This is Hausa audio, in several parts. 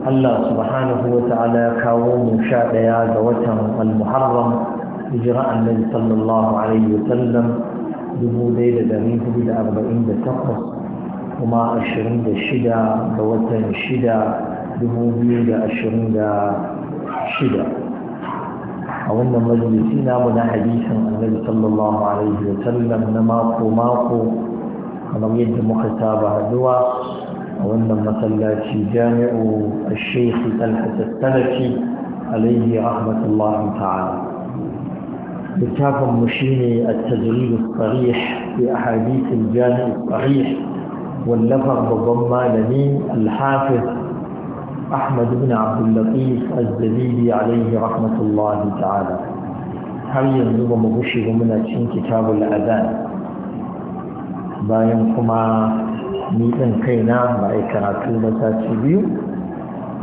Allah subhanahu wa ta'ala ya kawo mu sha ɗaya ga watan al-muharram hijira annabi sallallahu alaihi wa sallam dubu ɗaya da ɗari hudu da arba'in da takwas kuma ashirin da shida ga watan shida dubu biyu da ashirin da shida a wannan majalisi namu na hadisin annabi sallallahu alaihi wa sallam na mako mako kamar yadda muka saba zuwa. وأن في جامع الشيخ طلحة السلفي عليه رحمة الله تعالى كتاب مشيني التجريب الصريح في أحاديث الجامع الصحيح واللفظ بضم لمين الحافظ أحمد بن عبد اللطيف الزبيدي عليه رحمة الله تعالى هل ينظر مبشر من كتاب الأذان باين كما ni ɗin kaina ba a yi karatu na sati biyu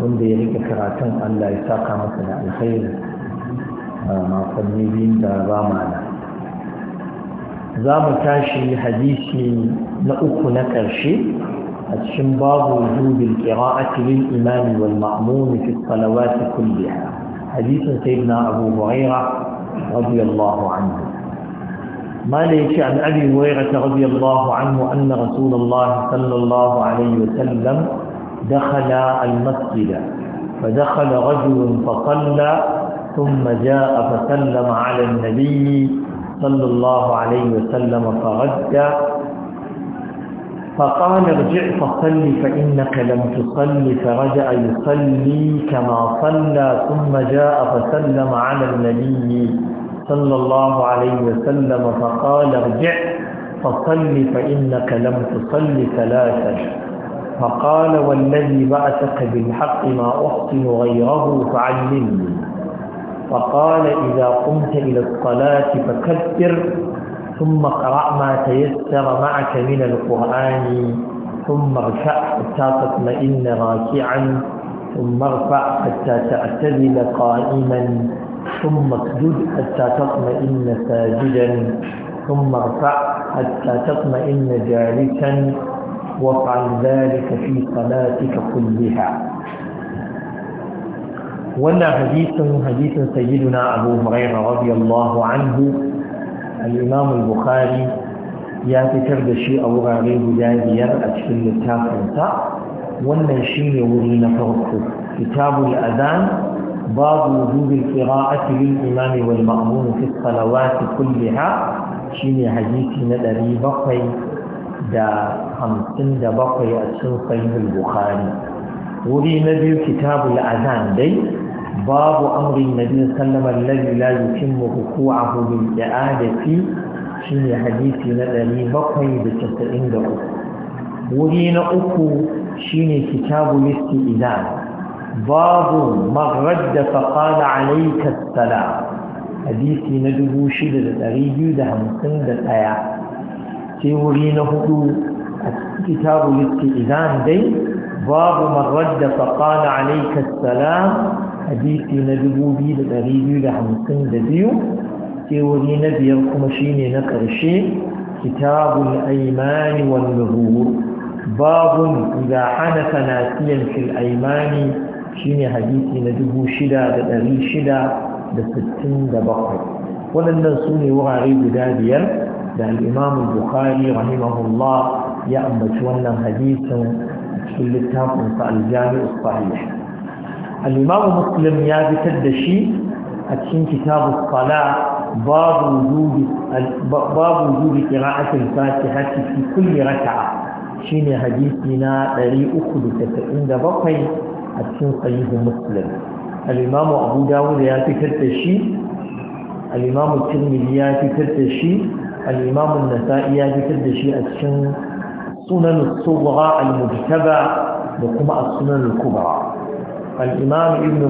wanda ya rike karatun Allah ya saka masa da alkhairi a makonni biyun da ba mana za mu tashi hadisi na uku na ƙarshe a cikin babu zubin ƙira'ati lil imami wal ma'mumi fi salawati kulliha hadisin sayyidina abu huraira radiyallahu anhu ما ليش عن أبي هريرة رضي الله عنه أن رسول الله صلى الله عليه وسلم دخل المسجد فدخل رجل فصلى ثم جاء فسلم على النبي صلى الله عليه وسلم فرد فقال ارجع فصل فإنك لم تصل فرجع يصلي كما صلى ثم جاء فسلم على النبي صلى الله عليه وسلم فقال ارجع فصل فإنك لم تصل ثلاثا فقال والذي بعثك بالحق ما أحسن غيره فعلمني فقال إذا قمت إلى الصلاة فكبر ثم اقرأ ما تيسر معك من القرآن ثم ارفع حتى تطمئن راكعا ثم ارفع حتى تعتدل قائما ثم اسجد حتى تطمئن ساجدا ثم ارفع حتى تطمئن جالسا وافعل ذلك في صلاتك كلها ولا حديث حديث سيدنا أبو هريرة رضي الله عنه الإمام البخاري يا فكر da shi a wurare guda biyar a cikin littafinsa wannan shi ne wuri باب وجوب القراءة للإمام والمأمون في الصلوات كلها شيني حديثي ندري بقي دا خمسين دا بقي أسن صحيح البخاري ولي نبي كتاب الأذان دي باب أمر النبي صلى الله عليه وسلم الذي لا يتم ركوعه بالإعادة شيني حديثي ندري بقي دا تسعين دا وفي نأكو شيني كتاب الاستئذان babu maghrad da faqala alayka salam hadisi na 6251 sai wuri na hudu a kitabul istizan dai babu maghrad da faqala alayka salam hadisi na 2252 sai wuri na biyar kuma shine na karshe kitabul aymani wan nuhur باب إذا حنث ناسيا في الأيمان shine hadisi na dubu shida da ɗari shida da sittin da bakwai waɗannan su ne wurare guda biyar da al'imamu bukhari rahimahullah ya ambaci wannan hadisin cikin littafinsa aljami'u sahih al'imamu muslim ya fitar da shi a cikin kitabu salah باب وجود باب وجود قراءة الفاتحة في كل ركعة شين حديثنا دري أخد تسعين دبقي a cikin salihu muslim al'imamu abu dawuda ya fitar da shi al'imamu imamu ya fitar da shi al nasa'i ya fitar da shi a cikin sunan sughra al-mujtaba da kuma a sunan al-kubra al-imam ibn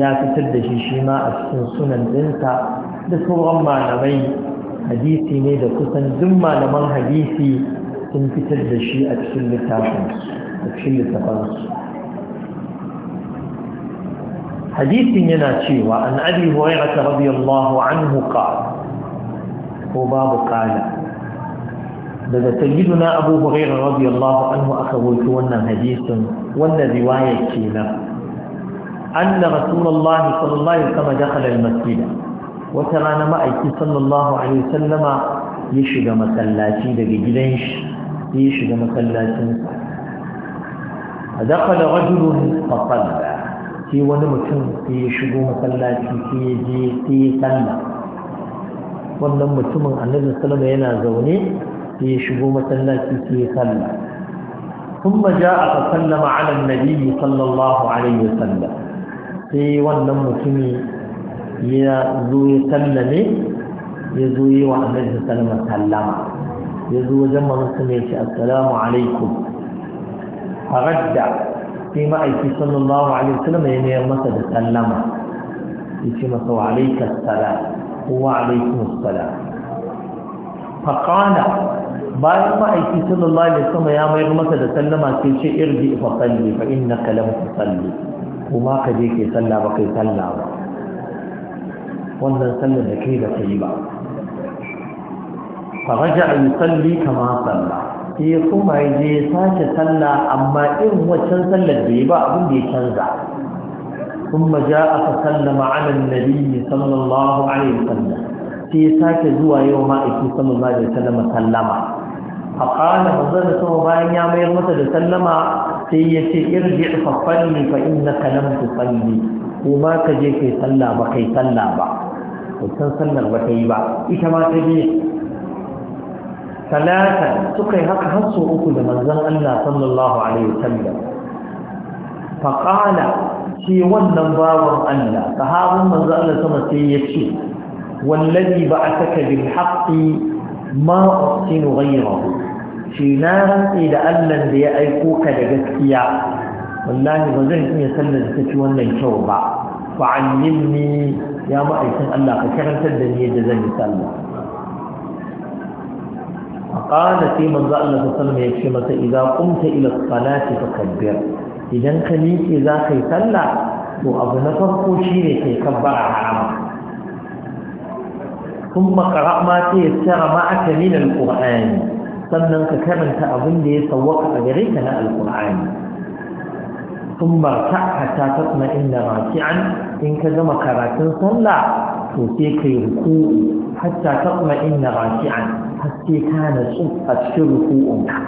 ya fitar da shi shi ma a cikin sunan dinta da sauran malamai hadisi ne da kusan duk malaman hadisi sun fitar da shi a cikin littafansu hadisin yana cewa an abi hurairah radiyallahu anhu qala ko babu qala daga sayyiduna abu hurairah radiyallahu anhu aka wuce wannan hadisin wannan riwaya kenan أن رسول الله صلى الله عليه وسلم دخل المسجد وترانا مأيكي صلى الله عليه وسلم يشد مسلاتي دقي جلنش يشد مسلاتي دخل رجل فصلى sai wani mutum sai ya shigo masallaci sai ya je sai ya sallah wannan mutumin annabi sallama yana zaune sai ya shigo masallaci sai ya sallah ثم جاء فسلم على النبي صلى الله عليه وسلم sai wannan mutumin ya zo ya sallame ya zo yi wa annabi sallama sallama ya zo wajen manzo ne ya assalamu alaikum faradda sai ma'aiki sallallahu alaihi wasallam ya mayar masa da sallama ya masa wa alaika salam ko wa alaikum salam fa qala bayan ma'aiki sallallahu alaihi wasallam ya mayar masa da sallama sai ce irji fa salli fa innaka lam tusalli kuma ka je kai sallah ba kai sallah ba wannan sallar da kai ba kai ba fa raja'a yusalli kama sallah sai ya kuma ya ya sace sallah amma in waccan sallar da ya ba abin da ya canza ثم جاء فسلم على النبي صلى الله عليه وسلم sai sake zuwa yau ma ma'aiki sallallahu alaihi wasallam sallama a kana manzon da sama bayan ya mayar masa da sallama sai ya ce irji fa salli fa innaka lam tusalli ko ma ka je kai sallah ba kai sallah ba to sallar ba ta yi ba ita ma ta je talata suka yi haka hasso uku da manzan Allah sallallahu Alaihi wasallam faƙala shi wannan bawon Allah ta haɗin manzan Allah sama sai ya ce wallazi ba a saka bin haƙi ma'ukin rairahu shi na rantsi da Allah da ya aiko ka da gaskiya wallahi ba zan iya sallar da ci wannan kyau ba fa'allimni ya ma'aikin Allah ka karantar da ni yadda zan yi sallah qala sai manzo Allah sallallahu ya ce masa idza qumta ila salati fakabbir idan ka miƙe za ka yi sallah to abu na farko shine kai kabbara harama kuma qara ma ta yassara ma aka min alqur'ani sannan ka karanta abin da ya sawwaka a gare ka na alqur'ani ثم اركع حتى تطمئن راكعا إن كذا مكرات صلى to sai kai ruku hatta taqma inna raki'an haske ka natsu a cikin ruku'unka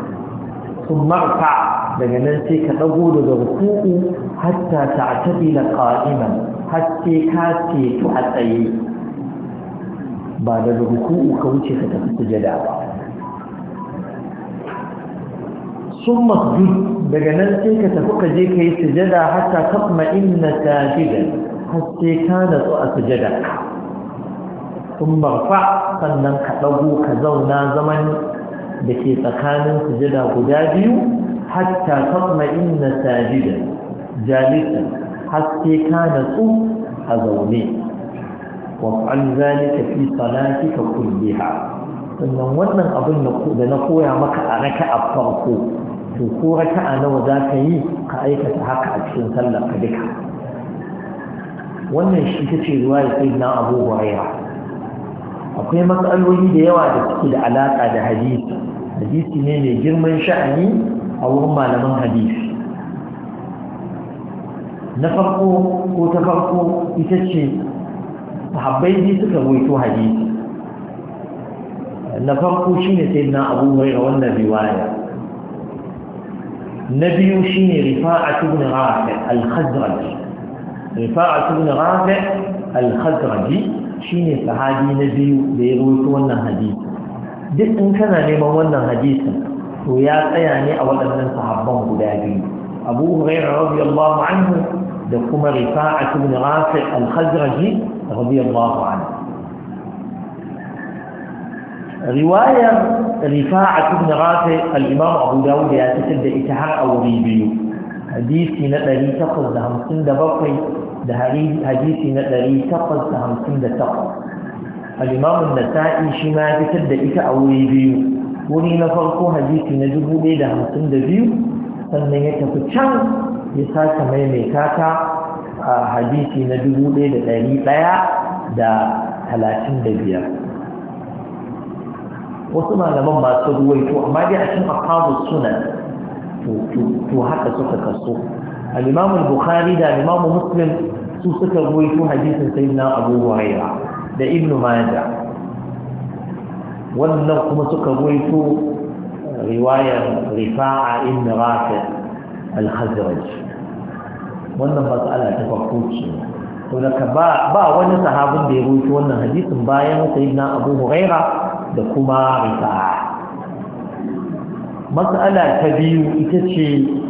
sun marfa daga nan sai ka ɗago daga ruku'u hatta ta tabi na ƙa'iman haske ka ceto a tsaye ba daga ruku'u ka wuce ka tafi sujada ba sun masjid daga nan sai ka tafi ka je ka yi sujada hatta tasma inna sajida haske ka natsu a sujada sun marfa sannan ka ɗago ka zauna zaman da ke tsakanin sujada guda biyu hatta kama inna sajida jalisa haske ka natsu a zaune waf'al zalika fi ka kulliha sannan wannan abin da na koya maka a raka'a farko to ko raka'a nawa za ka yi ka aikata haka a cikin sallar ka duka wannan shi ta ce ruwa ya sai na abu hurairah akwai matsaloli da yawa da suke da alaƙa da hadisi hadisi ne mai girman sha'ani a wurin malaman hadisi na farko ko ta farko ita ce sahabbai ne suka waito hadisi na farko shi ne sai na abu mai wannan riwaya na biyu shi ne rifa'a rafi rafi al-khazraji shine sahabi na biyu da ya rawaito wannan hadisi duk in kana neman wannan hadisi to ya tsaya ne a waɗannan sahabban guda biyu Abu Hurairah radiyallahu anhu da kuma Rifa'at ibn Rafi' al-Khazraji radiyallahu anhu riwaya Rifa'at ibn Rafi' al-Imam Abu Dawud ya fitar da ita har a wuri biyu hadisi na 857 da hadisi na ɗari takwas da hamsin da takwas nasa'i shi ma ya fitar da ita a wuri biyu wuri na farko hadisi na dubu ɗaya da hamsin da biyu sannan ya tafi can ya sake mai ta a hadisi na dubu ɗaya da talatin da biyar wasu malaman masu ruwaito amma dai a cikin akabu sunan to haka suka kaso al-imam bukhari da al muslim su suka ruwaito hadisin sayyidina abu huraira da ibnu majah wannan kuma suka ruwaito riwayar rifa'a ibn rafi al-khazraj wannan matsala ta farko to daga ba wani sahabin da ya ruwaito wannan hadisin bayan sayyidina abu huraira da kuma rifa'a matsala ta biyu ita ce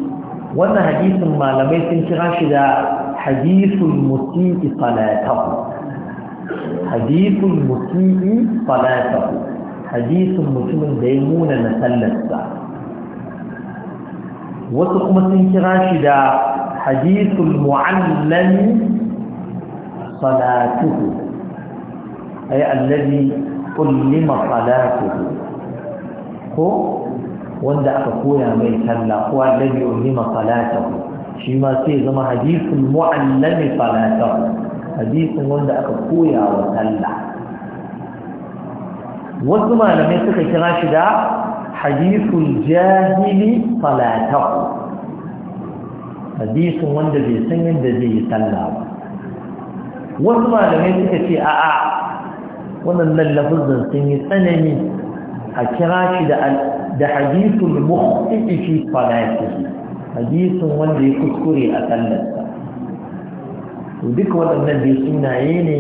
wannan hadisin malamai sun kira shi da hadisul musi'i salatahu hadisul musi'i salatahu hadisin mutumin da ya nuna na sallarsa wasu kuma sun kira shi da hadisul mu'allami salatuhu ay allazi kullima salatuhu ko wanda aka koya mai talla ko alladhi ulima salatahu shi ma sai zama hadithul muallami salatahu hadithin wanda aka koya wa talla wasu malamai suka kira shi da hadithul jahili salatahu hadisin wanda bai san yadda zai yi talla ba wasu malamai suka ce a'a wannan lallafin sun yi tsanani a kira shi da al. da hadithul mukhti'i fi salatihi hadisin wanda ya kuskure a sallarsa to duka waɗannan dai sunaye ne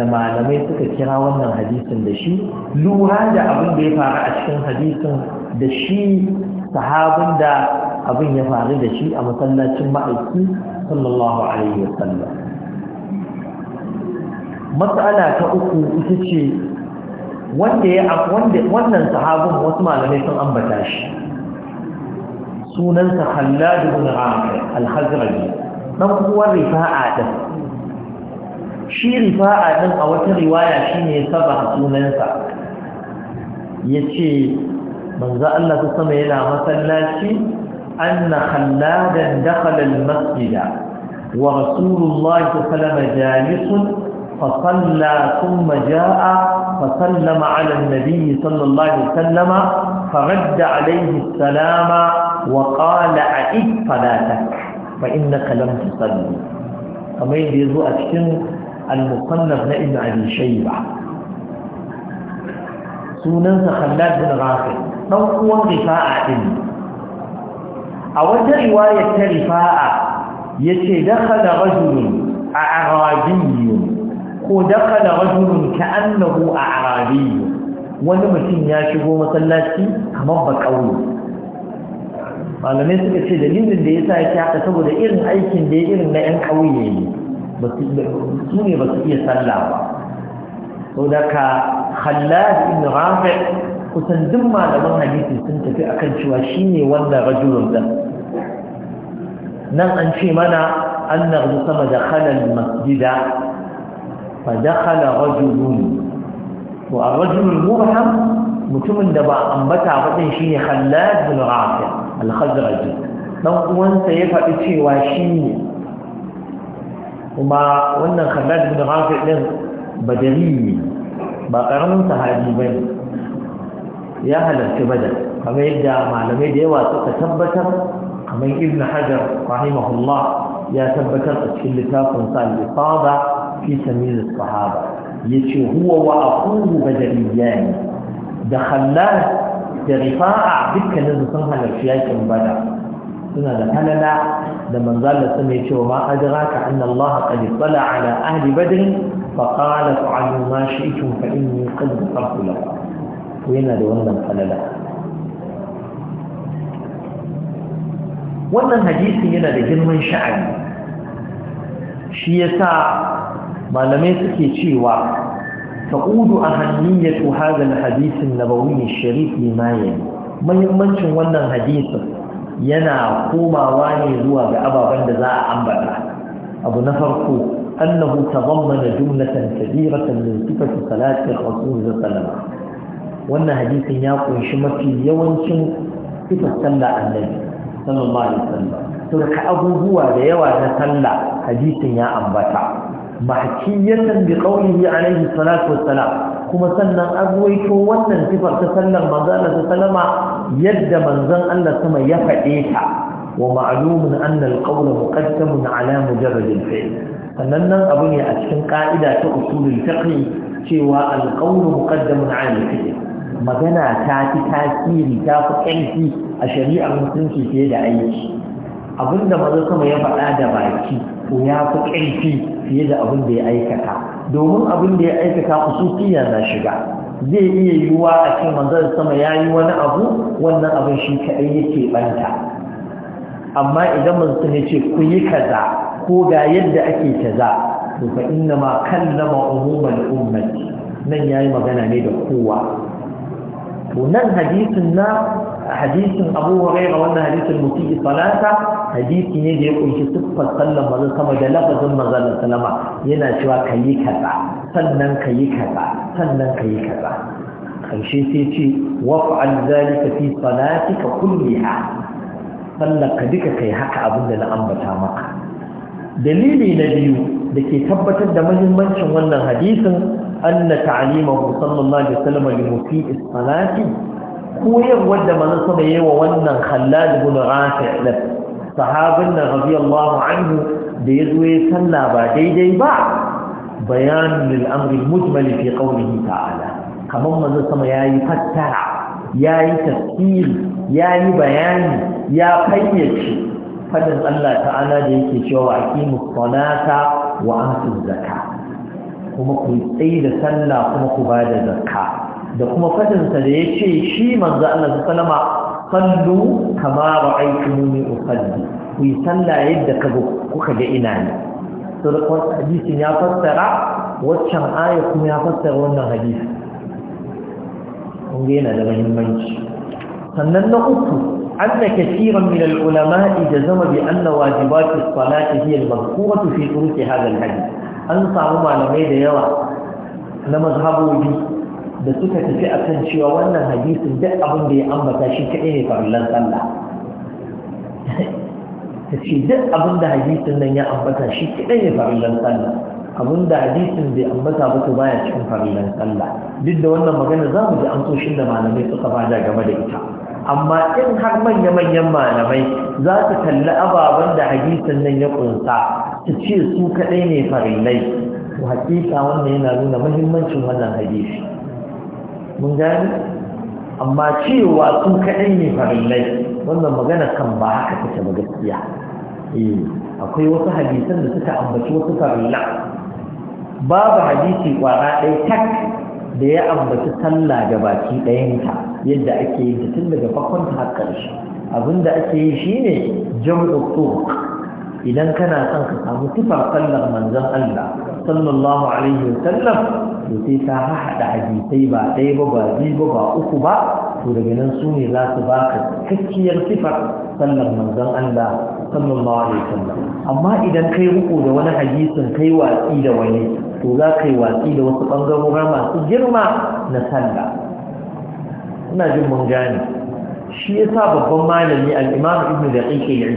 da malamai suka kira wannan hadisin da shi lura da abin da ya faru a cikin hadisin da shi sahabin da abin ya faru da shi a masallacin ma'aiki sallallahu alaihi wasallam matsala ta uku ita ce wanda ya wanda wannan sahabin wasu malamai sun ambata shi sunansa Khallad ibn Amr al-Hazrami dan uwar Rifa'a din shi Rifa'a din a wata riwaya shine ya saba sunansa yace manzo Allah ta sama yana masallaci anna Khalladan dakhala al-masjida wa Rasulullah sallallahu alaihi wasallam jalisun فصلى ثم جاء فسلم على النبي صلى الله عليه وسلم فرد عليه السلام وقال أعد صلاتك فإنك لم تصلي كما يجوز أكشن المصنف نائم عن شيبة سنن خلاد بن غافل نوقوا رفاعة أود رواية رفاعة يتدخل رجل أعرابي ko dakala rajulun a a'rabi wani mutum ya shigo masallaci kamar ba kauye malamai suka ce dalilin da ya sa ya haka saboda irin aikin da ya irin na yan kauye ne su ne ba su iya sallah ba da ka khallad ibn rafi kusan duk malaman hadisi sun tafi akan cewa shine wannan rajulun da. nan an ce mana annahu sama da khalal masjida فدخل رجل والرجل المرحم mutumin da ba ambata baɗin shi ne Khalad bin Rafi al-Khazraji dan uwansa ya faɗi cewa shi ne kuma wannan Khalad bin Rafi din badari ne ba karamin sahabi ba ne ya halarci badar kamar yadda malamai da yawa suka tabbatar kamar Ibn Hajar rahimahullah ya tabbatar a cikin littafin sa al-Ifada في سبيل الصحابة يتي هو وأخوه بدريان دخلناه برفاعة بك نزلتها للشياك بدر سنة دخلنا لما ظل سنة يتي وما أدراك أن الله قد اطلع على أهل بدر فقال فعلوا ما شئتم فإني قد غفرت لكم وين هذا وانا حلنا wannan hadisi yana da girman sha'ani shi yasa malamai suke cewa taqudu ahammiyatu hadha alhadith an-nabawi ash-sharif lima yani muhimmancin wannan hadisin yana komawa ne zuwa ga ababen da za a ambata abu na farko annahu tadammana jumlatan kabiratan min sifati salati rasul sallallahu wannan hadisin ya kunshi mafi yawancin sifar sallah annabi sallallahu alaihi wasallam to da abubuwa da yawa na sallah hadisin ya ambata mahkiyatan bi qawlihi alayhi salatu wassalam kuma sannan azwaito wannan sifar ta sallar manzo Allah sallama yadda manzon Allah sama ya faɗe ta wa ma'lumun anna al-qawla muqaddamun ala mujarrad sannan nan abu ne a cikin ka'ida ta usulul fiqh cewa al muqaddamun ala al magana ta fi tasiri ta fi a shari'ar mutunci fiye da aiki da mazo sama ya faɗa da baki ko ya fi ƙarfi fiye da abin da ya aikata domin abin da ya aikata usufiya na shiga zai iya yiwuwa a cikin manzon sama ya yi wani abu wannan abin shi kaɗai yake ɓanta. amma idan manzon ya ce ku yi kaza ko ga yadda ake kaza to fa inna ma kallama umuman ummati nan yayi magana ne da kowa to nan hadisin na hadisin abu huraira wannan hadisin mutum salata hadisi ne da ya kunshi siffar sallan manzon sama da lafazin manzon salama yana cewa kayi kaza sannan kayi kaza sannan kayi kaza karshe sai ce waf'al zalika fi salatika kulliha sallar ka duka kai haka abin da na ambata maka dalili na biyu da ke tabbatar da muhimmancin wannan hadisin anna ta'limahu sallallahu alaihi wasallam li mufi'is salati koyarwar da manzo sama yayi wa wannan Khallad ibn Rafi' da sahabin rabi radiyallahu anhu da zo ya salla ba daidai ba bayanin al'amri amri fi qawlihi ta'ala kamar manzo sama yayi fassara yayi tafsir yayi bayani ya fayyace fadin Allah ta'ala da yake cewa aqimus salata wa atuz zaka kuma ku tsaye da sallah kuma ku ba da zaka da kuma fadinsa da ya ce shi manzo Allah su salama sallu kama ra'aytumuni usalli ku yi sallah yadda kuka ga ina ne to da hadisin ya fassara waccan aya kuma ya fassara wannan hadisi kun yana da mahimmanci. sannan na uku أن كثيرا من العلماء na بأن واجبات الصلاة هي المذكورة في طرق هذا an samu malamai da yawa na به da suka tafi a kan cewa wannan hadisin duk abin da ya ambata shi kaɗai ne farillan sallah ta ce duk abin da hadisin nan ya ambata shi kaɗai ne farillan sallah abin da hadisin bai ambata ba to baya cikin farillan sallah duk da wannan magana za mu ji amsoshin da malamai suka bada game da ita amma in har manya-manyan malamai za su kalli ababen da hadisin nan ya kunsa ta ce su kaɗai ne farillai to hakika wannan yana nuna muhimmancin wannan hadisi mun gani amma cewa sun kaɗai ne farillai wannan magana kan ba haka take ba gaskiya eh, akwai wasu hadisan da suka ambaci wasu farilla babu hadisi kwara ɗaya tak da ya ambaci sallah ga baki ɗayanta yadda ake yin ta tun daga farkon ta har ƙarshe abinda ake yi shine jam'u tuq idan kana son ka samu tufar sallar manzon Allah sallallahu alaihi wasallam to sai ta haɗa hadisai ba ɗaya ba ba biyu ba ba uku ba to daga nan su ne za su baka cikakkiyar sifar sallar manzon Allah sallallahu alaihi wasallam amma idan kai ruku da wani hadisin kai watsi da wani to za ka yi watsi da wasu ɓangarorin masu girma na sallah ina jin mun gane shi yasa babban malami alimam imam da Daqiq al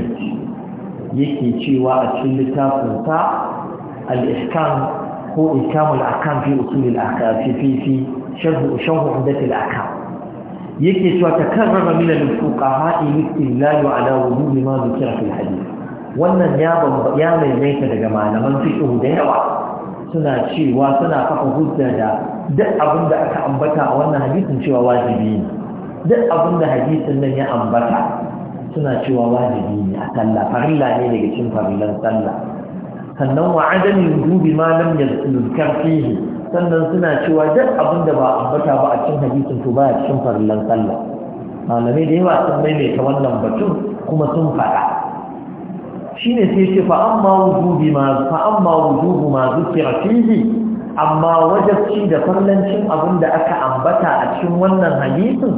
yake cewa a cikin littafinsa al-Ihkam ko ikamul akam fi usulil akam fi fi fi sharh sharh umdatil akam yake cewa takarrara min al-fuqaha istidlal ala wujud ma dhukira fil hadith wannan ya ya maimaita daga malaman fiqh da yawa suna cewa suna faɗa hujja da duk abin da aka ambata a wannan hadisin cewa wajibi ne duk abin da hadisin nan ya ambata suna cewa wajibi ne a sallah farilla ne daga cikin farillan sallah sannan wa adami wujubi ma lam yuzkar fihi sannan suna cewa duk abin da ba ambata ba a cikin hadisin to a cikin farillan sallah malamai da yawa sun maimaita wannan batun kuma sun faɗa shine sai ce fa amma wujubi ma fa amma wujubu ma zikira fihi amma wajabci da farlancin abin da aka ambata a cikin wannan hadisin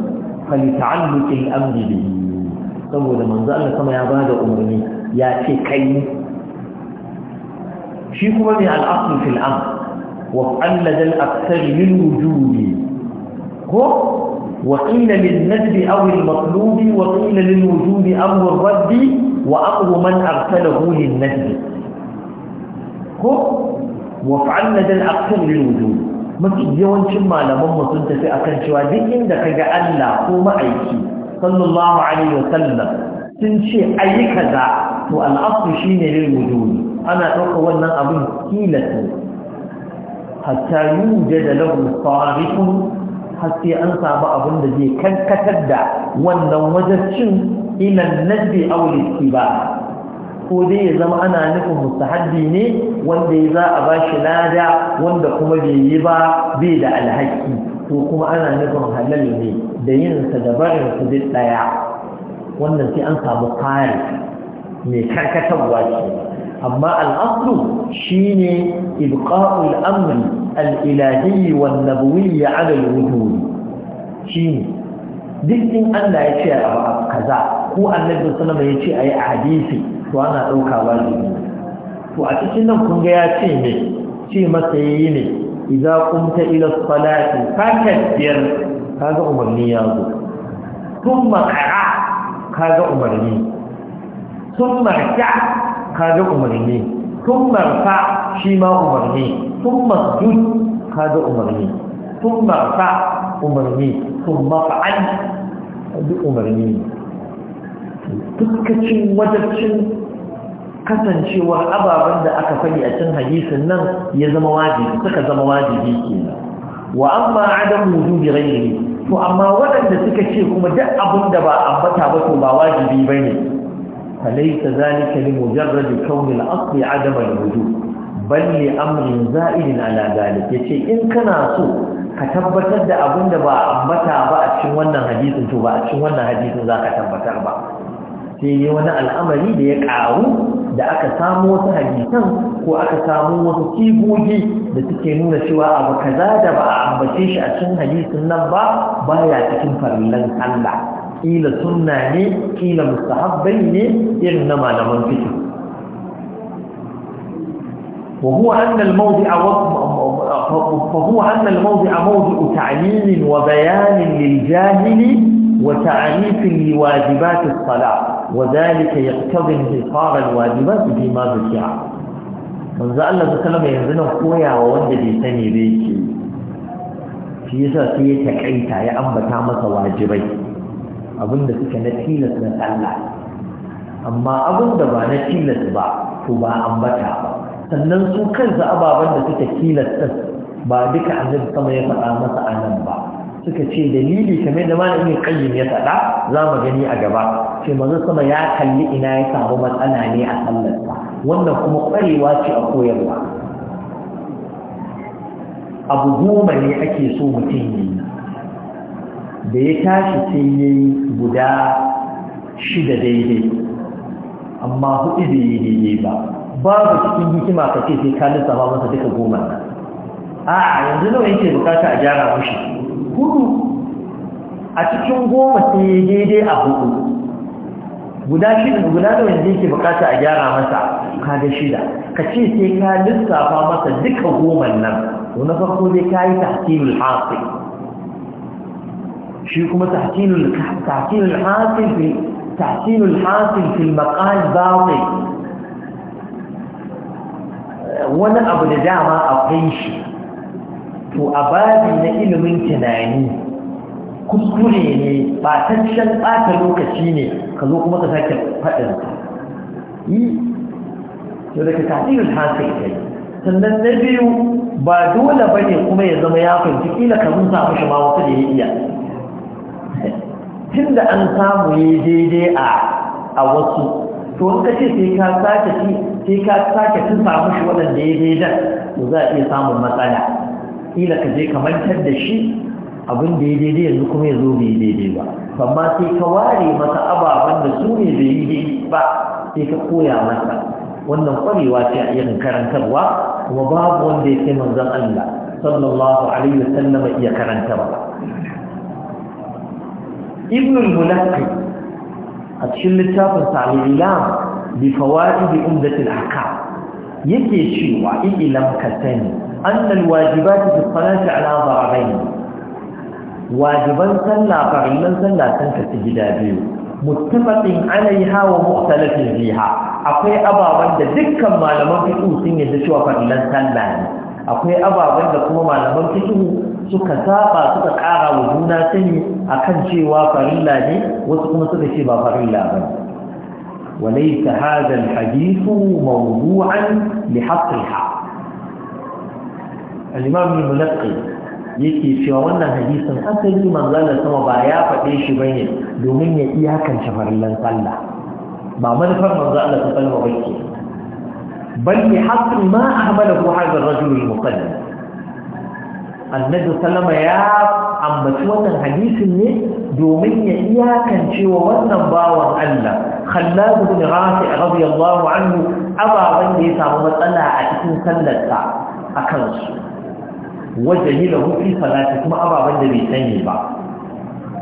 fa li ta'alluqi al-amri bihi saboda manzo Allah sama ya bada umarni ya ce kai shi kuma ne al'aqlu fil'am? am wa qalla dal akthar wujudi ko wa qila lin nadb aw al maqlub wa qila lil wujud aw wa aqwa man arsalahu lin nadb ko wa fa'alna dal akthar lil mafi yawancin malamanmu sun tafi a kan cewa duk inda kaga Allah ko ma'aiki sallallahu alaihi wa sallam sun ce ayi kaza to shi ne lil wujudi ana ɗauka wannan abin kilatu hatta yuje da lahu sarifun har sai an samu abin da zai kankatar da wannan wajen cin ilan nabi aure ba ko dai ya zama ana nufin mustahabbi ne wanda ya za a ba shi lada wanda kuma bai yi ba bai da alhaki ko kuma ana nufin halal ne da yinsa da barin su duk daya wannan sai an samu kare mai karkatarwa ce amma al'aslu shine ibqa'ul amri al-ilahi wan nabawiyyi 'ala al-wujud shine duk in Allah ya ce a kaza ko annabi sallallahu ya ce ayi a hadisi to ana ba wajibi to a cikin nan kun ga ya ce ne ce masa yayi ne idza ta ila salati Ka ga umarni ya zo thumma ka ga umarni Tun ja kaga umarni tun marfa shi ma umarni tun masjud kaga umarni tun marfa umarni tun mafa'al duk umarni dukkanin wajabcin kasancewar ababen da aka faɗi a cin hadisin nan ya zama wajibi suka zama wajibi kenan wa amma adam wujubi ghairihi to amma waɗanda suka ce kuma duk abin da ba ambata ba to ba wajibi bane فليس ذلك لمجرد كون الأصل عدم الوجود بل لأمر زائد على ذلك يتي إن كان سوء ka tabbatar da abin da ba a ambata ba a cikin wannan hadisin to ba a cikin wannan hadisin za ka tabbatar ba sai ne wani al'amari da ya ƙaru da aka samo wasu hadisan ko aka samo wasu kibogi da suke nuna cewa abu kaza da ba a ambace shi a cikin hadisin nan ba baya cikin farillan Allah kila sunna ne kila mustahabbai ne irin na malaman fiqh وهو أن الموضع فهو أن الموضع موضع تعليم وبيان للجاهل وتعنيف لواجبات الصلاة وذلك يقتضي انتصار الواجبات فيما ذكر من ذا الله سلم ينزل قويا ووند بيتني بيكي في يسا سيتك عيتا يا أنبتا مسا واجبين abinda suke na tilas na Allah, amma abinda ba na tilas ba to ba ambata ba sannan su kansu ababen da suke tilas din ba duka annabi sama ya faɗa masa a nan ba suka ce dalili kamar da malamin qayyim ya faɗa za mu gani a gaba sai manzo sama ya kalli ina ya samu matsala ne a sallarsa wannan kuma kwarewa ce a koyarwa abu goma ne ake so mutum yi da ya tashi sai ya yi guda shida daidai amma hudu da yi daidai ba babu cikin hikima ka ce sai ka lissafa masa duka goma a yanzu nawa yake bukata a gyara mushi hudu a cikin goma sai yi daidai a hudu guda shida guda da wanda yake bukata a gyara masa kaga shida ka ce sai ka lissafa masa duka goma nan wani farko dai kayi yi tahsilul hasil شيكم تحسين تحسين الحاصل في تحسين الحاصل في المقال باطي وانا ابو دجاما ابيش تو اباد ان علم تناني كسكري ني با تنشن باك لوكاشي ني كزو كما تساكي فدن ي يو دك تحسين الحاصل كاي sannan na biyu ba dole bane kuma ya zama ya fahimci kila ka rusa mashi ma wata da ya iya tun da an samu yi daidai a wasu to in ce sai ka sake ci sai ka sake tun samu shi waɗanda ya daidan to za a iya samun matsala ila ka je ka mantar da shi abin da ya daidai yanzu kuma ya zo bai daidai ba amma sai ka ware masa ababen da su ne bai yi daidai ba sai ka koya masa wannan kwarewa ce a irin karantarwa kuma babu wanda ya sai manzon Allah sallallahu alaihi wasallama iya ba. ibn al a cikin littafin sa'ila bi fawaidi umdatil ahkam yake cewa ilam ka sani annal wajibatu fi salati ala darabain wajiban sallah farillan sallah kan ka ci gida biyu muttafaqin alaiha wa mukhtalafin fiha akwai ababan da dukkan malaman fiqh sun yadda cewa farillan sallah ne akwai ababai da kuma malaman fikihu suka saba suka kara wa juna sani akan cewa farilla ne wasu kuma suka ce ba farilla ba وليس هذا الحديث موضوعا لحقها الإمام الملقي yake cewa wannan hadisin asali manzala sama ba ya fade shi bane domin ya iyakance shafarin sallah ba manufar manzala ta sallah ba ke بل بحق ما أحمله هذا الرجل المقلم النبي صلى الله عليه وسلم يا عم بسوطا حديث لي دومين إياكا شوى وزن باوى ألا خلاب بن رافع رضي الله عنه أبا بن يسا ومسألة أتكون سلة ساعة أكرش وجهله في صلاة ثم أبا بن يسيني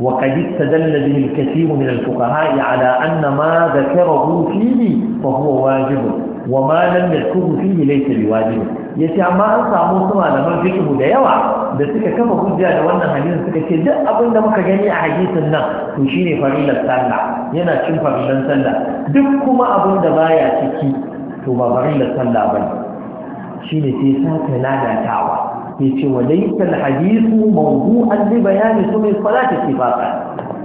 وقد استدل به الكثير من الفقهاء على أن ما ذكره فيه فهو واجب wa ma lam yadhkuru fihi laysa biwajib yace amma an samu wasu malaman fiqh da yawa da suka kafa hujja da wannan hadisin suka ce duk abin da muka gani a hadisin nan to shine farilar sallah yana cin farilan sallah duk kuma abin da baya ciki to ba farilar sallah bane shine sai sake lalatawa yace wa laysa alhadithu mawdu'an li bayani sumi salati ittifaqan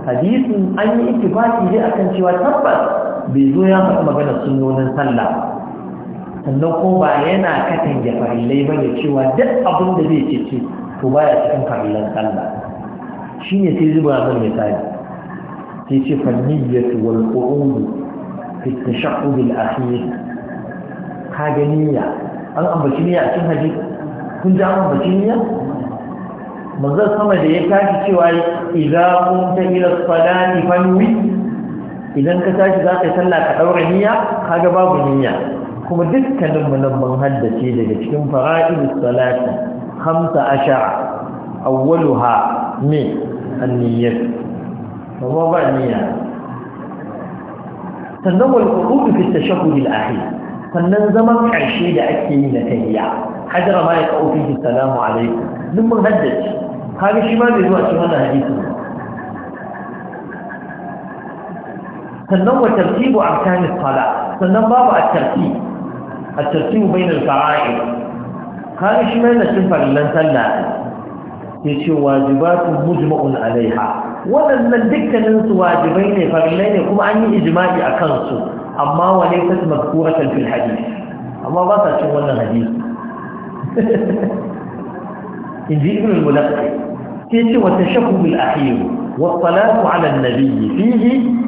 hadisin an yi ittifaqi dai akan cewa tabbas bai zo ya faɗi maganar sunnonin sallah sannan ko ba yana ya farillai ba ne cewa duk abin da zai cece to ba ya cikin farillan sallah shi ne sai zuba zan misali sai ce fanniyyatu wal qu'udu fi tashahhud al akhir ka ganiya an ambaci niyya a cikin hadisi kun ji an ambaci niyya manzon sama da ya tashi cewa idza kunta ila salati fanwi idan ka tashi za ka yi sallah ka daura niyya kaga babu niyya kuma dukkanin mu nan mun haddace daga cikin fara'idus salati khamsa ashara awwaluha min an-niyyah kuma ba niyya sannan wal qudu fi tashahhud al-akhir sannan zaman karshe da ake yi na tahiyya hadara ma ya kawo fi salamu alaikum duk mun haddace kaga shi ma bai zuwa cikin wannan hadisi sannan wa tartibu arkanis salat sannan babu at-tartib a tattun bainar fara'i kare shi mai na cin farillan sallah ya ce wajibatun mujma'un alaiha waɗannan dukkanin su wajibai ne farillai ne kuma an yi ijma'i a kansu amma wane ta su mazkuratan fil hadisi amma ba sa cin wannan hadisi ce والصلاة على النبي فيه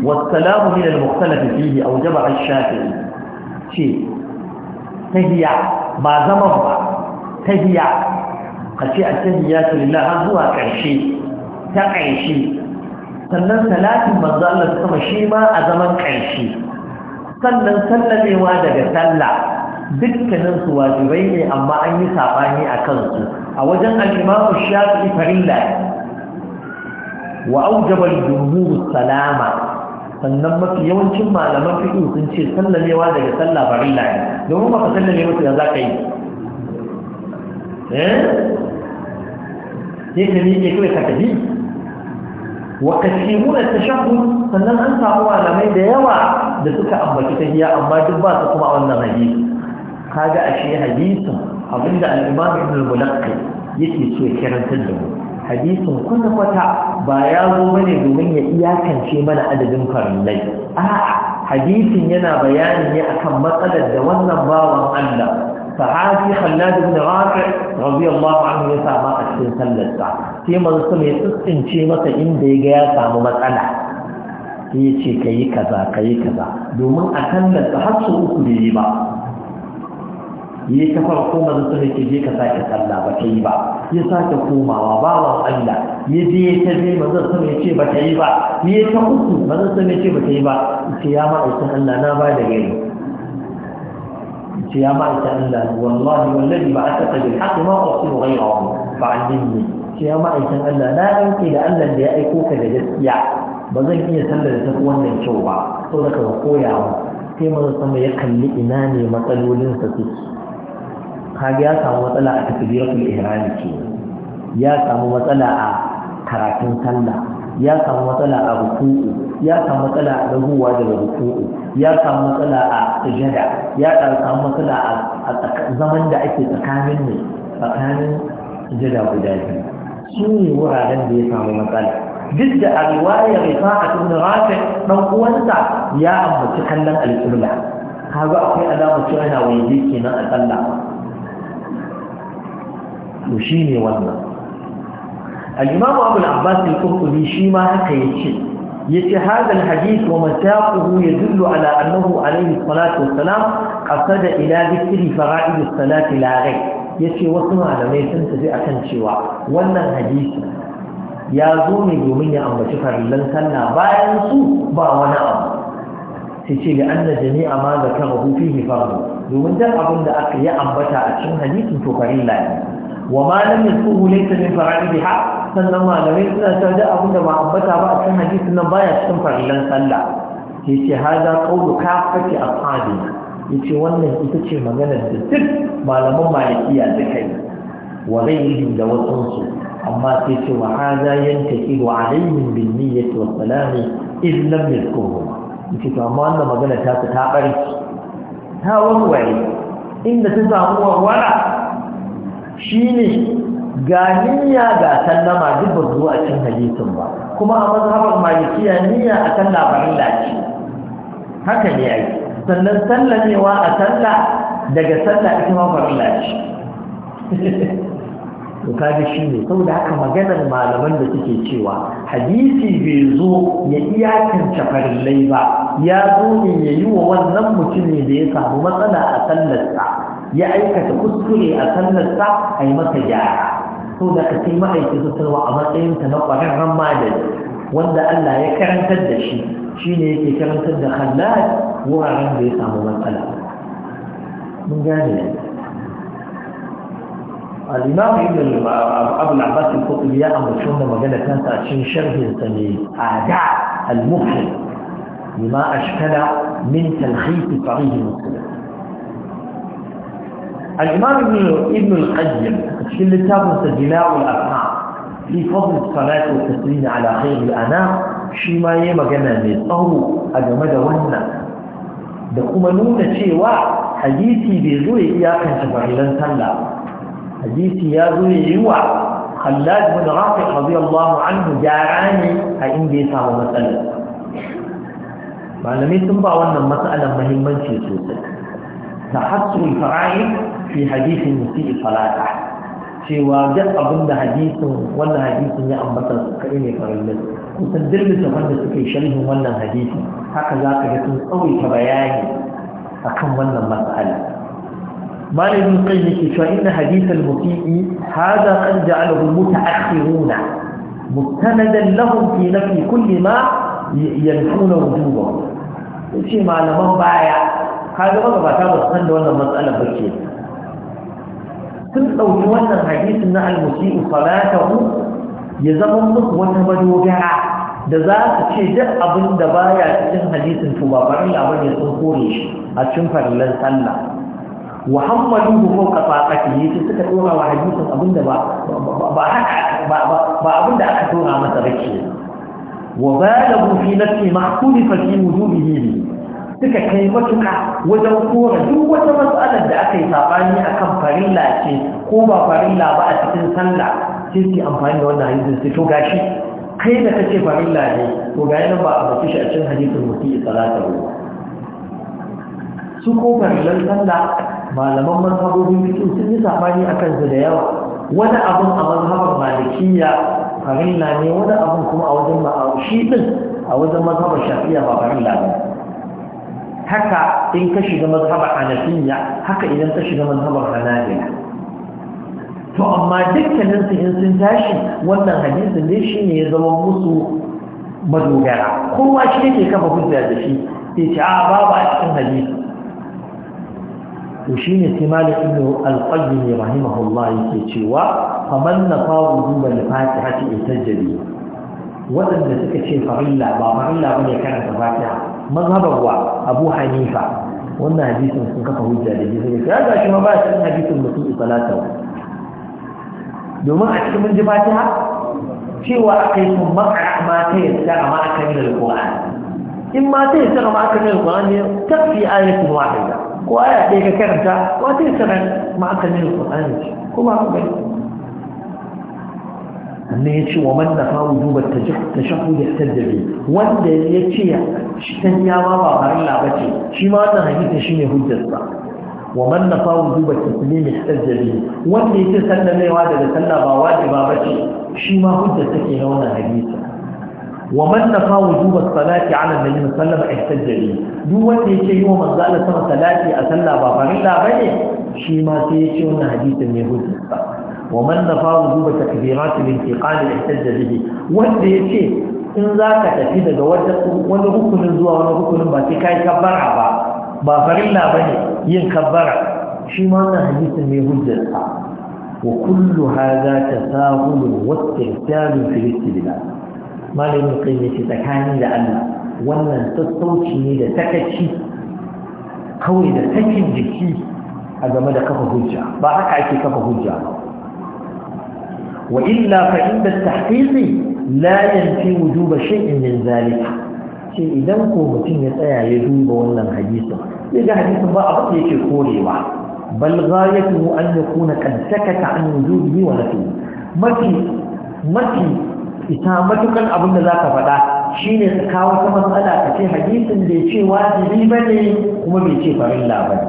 والسلام من المختلف فيه أوجبها الشافعي شيء tahiya ba zaman ba tahiya a ce a tahiya su lillah har zuwa ƙarshe ta ƙarshe sannan talatin manzo Allah ta sama shi ma a zaman ƙarshe sannan sallamewa daga sallah dukkanin su wajibai ne amma an yi sabani a kansu a wajen alimamu Shafi farilla wa aujaba jumhur salama sannan mafi yawancin malaman fiƙi sun ce sallamewa daga sallah farin ne domin ba ka sallame musu da za ka yi eh yake ne yake kawai ka tafi wa ta tashahhud sannan an samu malamai da yawa da suka ambaci ta tahiyya amma duk ba su kuma wannan hadisi kaga ashe hadisin abinda al-imam ibn al-mulaqqi yake so ya karantar da mu hadisin kwata-kwata ba ya zo bane domin ya iyakance mana adadin farillai a'a hadisin yana bayani ne akan matsalar da wannan bawan Allah sahabi Khalid ibn Rafi radiyallahu anhu ya sama a cikin sa sai manzo ya tsince masa inda ya ga ya samu matsala sai ya ce kai kaza kai kaza domin a sallarsa har su uku da yi ba ya yi kafar ko manzo sun yake je ka sake sallah ba ta yi ba ya sake komawa bawan Allah ya je ta je manzo sun ce ba ta yi ba ya ta uku manzo sun ce ba ta yi ba ce ya ma Allah na ba da gari ce ya ma aikin Allah wallahi wallahi ba ataka bil haqq ma usibu ghayrahu fa'allimni sai ya ma aikin Allah na aiki da Allah da ya aiko ka da gaskiya ba zan iya sallar da ta fi wannan kyau ba saboda ka koya mu sai manzo sun ya kalli ina ne matsalolinsa suke kaga ya samu matsala a takbiratul ihram ce ya samu matsala a karatun sallah ya samu matsala a ruku'u ya samu matsala a dagowa daga ruku'u ya samu matsala a sujada ya samu matsala a zaman da ake tsakanin ne tsakanin sujada guda biyu su ne wuraren da ya samu matsala duk da a riwayar rifa'at ibn rafi dan uwansa ya ambaci kallon alƙibla kaga akwai alama cewa yana jiki kenan a sallah to shi ne wannan al'imamu abu al'abbas al shi ma haka ya ce ya ce hadal hadith wa mataquhu yadullu ala annahu alayhi salatu wassalam qasada ila dhikri fara'id as-salati la ghayr yace wasu malamai sun tafi akan cewa wannan hadisi ya zo ne domin ya ambaci farillan sallah bayan su ba wani abu sai ce ga anna jami'a ma zakarahu fihi fardu domin duk abin da aka yi ambata a cikin hadisin to farilla ne wa malamin lam yasuhu laysa sannan malamai suna ta da abin da ba ba a kan hadisin nan baya cikin farilan sallah yace hada a kafati Ya yace wannan ita ce maganar da duk malaman malikiya da kai wa ghayrihim da wasansu amma sai ce wa hada yantaqidu alaihim ya niyyati was salami illan lam yadhkuruhum yace to amma wannan magana ta ta barki ta warware inda ta samu warwara shine ga niyya ga sallama duk ba zuwa cin cikin hadisin ba kuma a mazhabar malikiya niyya a sallah farilla ce haka ne ai sannan sallamewa a sallah daga sallah ita ma farilla ce to shi ne saboda haka maganar malaman da suke cewa hadisi bai zo ya iyakance farillai ba ya zo ne ya yi wa wannan mutumin da ya samu matsala a sallarsa ya aikata kuskure a sallarsa a yi masa gyara so da ka sai ma'aiki su salwa a matsayinsa na ƙwararren magani wanda Allah ya karantar da shi shi ne yake karantar da halal wuraren da ya samu matsala mun gane الإمام ابن أبو العباس القطبي يأمر شون مجلة كانت عشان شرح سمي أعداء المفهم لما أشكل من تلخيص صحيح مسلم الإمام ابن القيم تشكيل التابع سجلاء الأرحام في فضل الصلاة والتسليم على خير الأنام shi ma ya magana mai tsawo a game da wannan da kuma nuna cewa hadisi bai zo ya iyakanta fahilan sallah hadisi ya zo ya yi wa hallaj bin rafi radiyallahu anhu gyara ne a inda ya samu matsalar malamai sun ba wannan matsalar mahimmanci sosai تحصر الفرائض في حديث مسيء صلاته cewa duk abin da hadisin wannan hadisin ya ambata su kaɗai ne farillin kusan dirlisa wanda suka yi sharhin wannan hadisi haka za ka ga sun tsawaita bayani a kan wannan matsala malamin kai yake cewa inna hadisan musi'i hada an ja'alahu muta'akhiruna mustanadan lahum fi nafi kulli ma yanfuna wujuba yace malaman baya ka ga magabata ba su san da wannan matsalar ba ke sun ɗauki wannan hadisin na almusi'u salatahu ya zama musu wata madogara da za su ce duk abin da baya cikin hadisin to ba a bane sun kore shi a cikin farillan sallah وحملوه فوق ba تتكتورا وحديث أبن دبا أبن دبا أكتورا مثلك وبالغوا في نفسه ما اختلف في وجوده به suka kai matuka wajen kora duk wata matsalar da aka yi sabani a kan farilla ce ko ba farilla ba a cikin sallah sai su amfani da wannan hadisin sai to gashi kai da kace farilla ne to ga yana ba a bace shi a cikin hadisin mutum ya salata ba su ko farillan sallah malaman mazhabobin bikin sun yi sabani akan su da yawa wani abun a manhajar malikiya farilla ne wani abun kuma a wajen shi din a wajen mazhabar shafiya ba farilla ba haka in ka shiga mazhabar hanafiya haka idan ka shiga mazhabar hanabila to amma dukkanin su in sun tashi wannan hadisin shi shine ya zama musu madogara kowa shi yake kafa hujja da shi sai ce a ah, babu a cikin hadisi to shine sai malik ibn al-qayyim rahimahullah yake cewa duba nafa wudu bil fatihati itajjali wadanda suka ce farilla ba Faralla bane karanta fatiha mazhabar wa abu hanifa wannan hadisin sun kafa hujja da jisun ya ga shi ma ba shi hadisin mutum isalata domin a cikin mun fatiha cewa aka yi sun maka ma ta yadda a ma aka yi alƙur'an in ma ta yadda a ma aka yi alƙur'an ne tafi ayatin wahida ko aya ɗaya ka karanta ko ta yadda ma aka yi alƙur'an ne ko ba ku gani sannan ya ce wa man na fawo duba ta shafu da tattabi wanda ya ce shan yawa ba farilla ba ce shi ma wannan hadisi shi ne hujjarsa wa man na fawo duba ta tsini mai tattabi wanda ya ce sallamewa daga sallah ba wajiba ba ce shi ma hujjar take na wannan hadisi wa man na fawo duba salati ala nabi sallam a duk wanda ya ce yi wa manzo Allah sama salati a sallah ba farilla ba ne shi ma sai ya ce wannan hadisin ne hujjarsa ومن نفى وجوب تكبيرات الانتقال احتج به wanda ya ce in za ka tafi daga wani rukunin zuwa wani rukunin ba sai ka yi kabbara ba ba farilla bane yin kabbara shi ma wannan hadisin mai hujjarsa wa kullu hadha tasahulun wa istirsalun fi istidlal malamin kai yace tsakani da Allah wannan sassauci ne da takaci kawai da takin jiki a game da kafa hujja ba haka ake kafa hujja ba وإلا فعند التحقيق لا ينفي وجوب شيء من ذلك شيء إذا كو متين يتأيى يجوب ولا حديثا إذا حديث ما أبطيك الكوري واحد بل غايته أن يكون قد سكت عن وجوده ونفيه mafi mafi ita matukan abin da za ka faɗa shi ne ta kawo ta matsala ka ce hadisin bai ce wajibi ba ne kuma bai ce farin labari.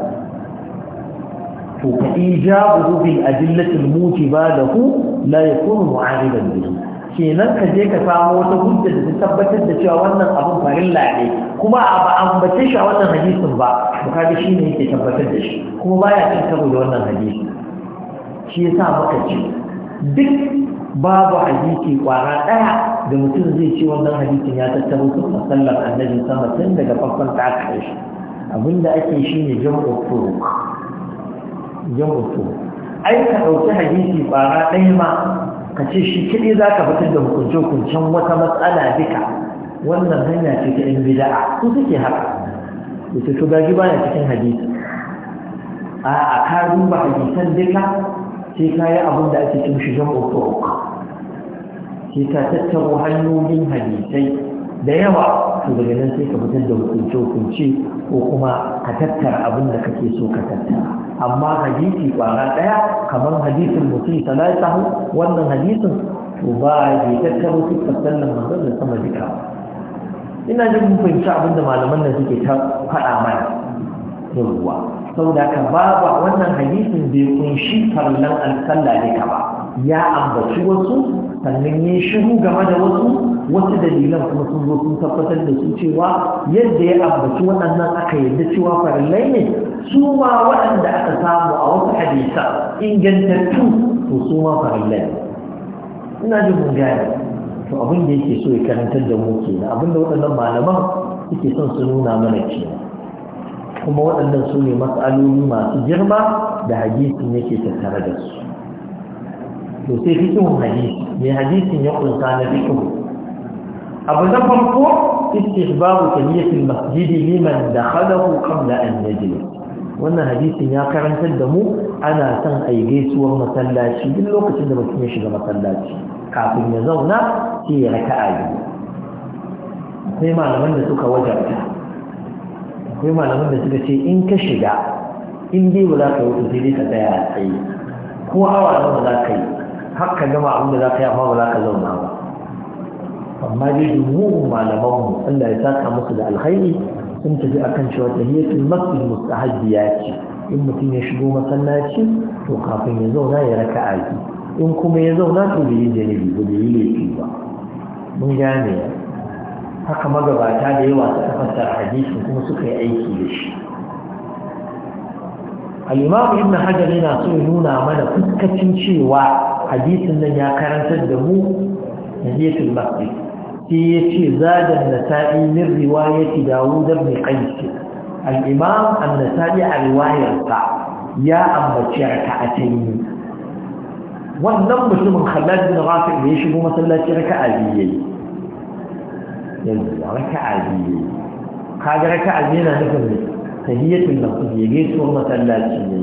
to ka ija buhu bil adillatil muti ba da ku la yakunu mu'ariban bihi kenan ka je ka samu wata hujja da ta tabbatar da cewa wannan abun farin ne kuma a ba ambace shi a wannan hadisin ba to kaga shi ne yake tabbatar da shi kuma baya cin karo da wannan hadisi shi yasa muka ce duk babu hadisi kwara daya da mutum zai ce wannan hadisin ya tattaro su a sallar annabi sama tun daga farkon ta aka shi abinda ake shi ne jam'u turuq jam'u turuq ai ka ɗauki hadisi bara ɗaya ma ka ce shi kiɗi za ka fitar da hukunce-hukuncen wata matsala duka wannan hanya ce ta ɗan bida'a su suke haka da to gaji ba cikin hadisi a a ka duba hadisan duka sai ka yi abin da ake cin shi jan sai ka tattaro hanyoyin hadisai da yawa to daga nan sai ka fitar da hukunce-hukunce ko kuma ka tattara abin da kake so ka tattara amma hadisi kwara ɗaya kamar hadisin mutum talatahu wannan hadisin to ba ya tattaro su sallan manzon da sama jika. ina jin mun fahimci abin da malaman nan suke ta faɗa mana yawwa saboda ka ba wannan hadisin bai kunshi farlan alƙalla ne ka ba ya ambaci wasu sannan yin shiru game da wasu wasu dalilan kuma sun zo sun tabbatar da su cewa yadda ya abbaci waɗannan aka yadda cewa farillai ne su ma waɗanda aka samu a wasu hadisa ingantattu to su ma farillai ina jin mun gane to abin da yake so ya karantar da mu kenan abin da waɗannan malaman suke son su nuna mana kenan kuma waɗannan su ne matsaloli masu girma da hadisin yake tattare da su to sai fikihun hadisi mai hadisin ya kunsa na fi fikihu abu na farko istihbabu taniyatul masjidi liman dakhalahu qabla an yajlis wannan hadisin ya karantar da mu ana son a yi gaisuwar masallaci duk lokacin da mutum ya shiga masallaci kafin ya zauna sai ya raka'a biyu akwai malaman da suka wajarta akwai malaman da suka ce in ka shiga in dai ba za ka wuce sai dai ka tsaya a tsaye ko awa nawa za ka yi har gama abin da za ka yi amma ba za ka zauna ba amma dai jumu'un malamanmu Allah ya saka musu da alkhairi sun tafi akan cewa tahiyatul masjid ya ce in mutum ya shigo masallaci to kafin ya zauna ya raka aji in kuma ya zauna to bai yi janibi ba bai yi laifi ba mun gane haka magabata da yawa suka fassara hadisin kuma suka yi aiki da shi al-imam ibn hajar yana so ya nuna mana fuskacin cewa hadisin nan ya karantar da mu hadisul masjid sai ya ce na nasa'i min riwayati dawud ibn qais al-imam an-nasa'i a riwayarsa ya ambaci a raka'atayn wannan mutumin Khalad bin Rafi da ya shigo masallaci a biyu yanzu raka raka'a biyu kaga a biyu na nufin ne tahiyatul masjid ya gaisuwar masallaci ne